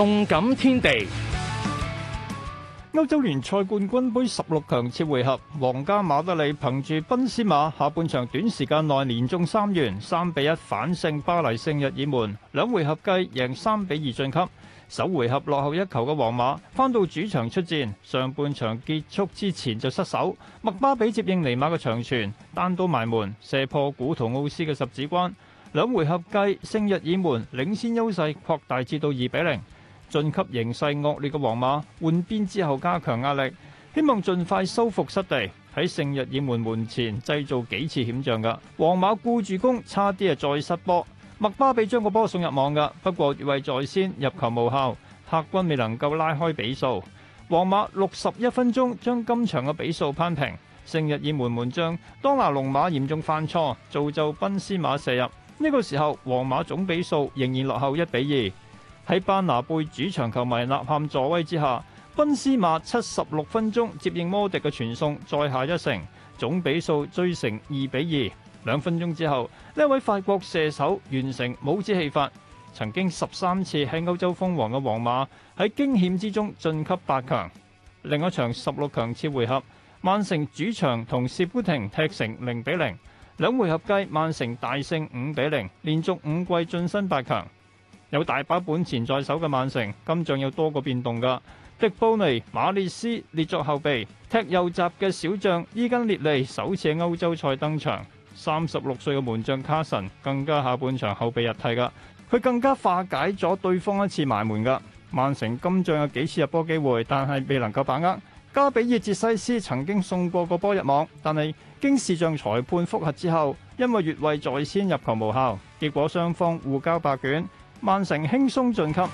動感天地，歐洲聯賽冠軍杯十六強次回合，皇家馬德里憑住賓斯馬下半場短時間內連中三元，三比一反勝巴黎聖日耳門，兩回合計贏三比二晉級。首回合落後一球嘅皇馬，翻到主場出戰，上半場結束之前就失手，麥巴比接應尼馬嘅長傳，單刀埋門射破古圖奧斯嘅十指關，兩回合計聖日耳門領先優勢擴大至到二比零。晉級形勢惡劣嘅皇馬換邊之後加強壓力，希望盡快收復失地。喺聖日耳門門前製造幾次險象嘅皇馬顧住攻，差啲啊再失波。麥巴比將個波送入網嘅，不過越位在先，入球無效。客軍未能夠拉開比數，皇馬六十一分鐘將今場嘅比數攀平。聖日耳門門將當拿龍馬嚴重犯錯，造就賓斯馬射入。呢、這個時候皇馬總比數仍然落後一比二。喺班拿貝主場球迷吶喊助威之下，賓斯馬七十六分鐘接應摩迪嘅傳送，再下一城，總比數追成二比二。兩分鐘之後，呢位法國射手完成帽子戲法，曾經十三次喺歐洲封王嘅皇馬喺驚險之中晉級八強。另一場十六強次回合，曼城主場同士砵亭踢成零比零，兩回合計曼城大勝五比零，連續五季晉身八強。有大把本錢在手嘅曼城今仗有多個變動的，噶迪布尼、馬列斯列作後備，踢右閘嘅小將伊根列利首次喺歐洲賽登場。三十六歲嘅門將卡臣更加下半場後備入替的，噶佢更加化解咗對方一次埋門的。噶曼城今仗有幾次入波機會，但係未能夠把握。加比爾捷西斯曾經送過個波入網，但係經視像裁判複核之後，因為越位在先入球無效，結果雙方互交白卷。曼城輕鬆晉級。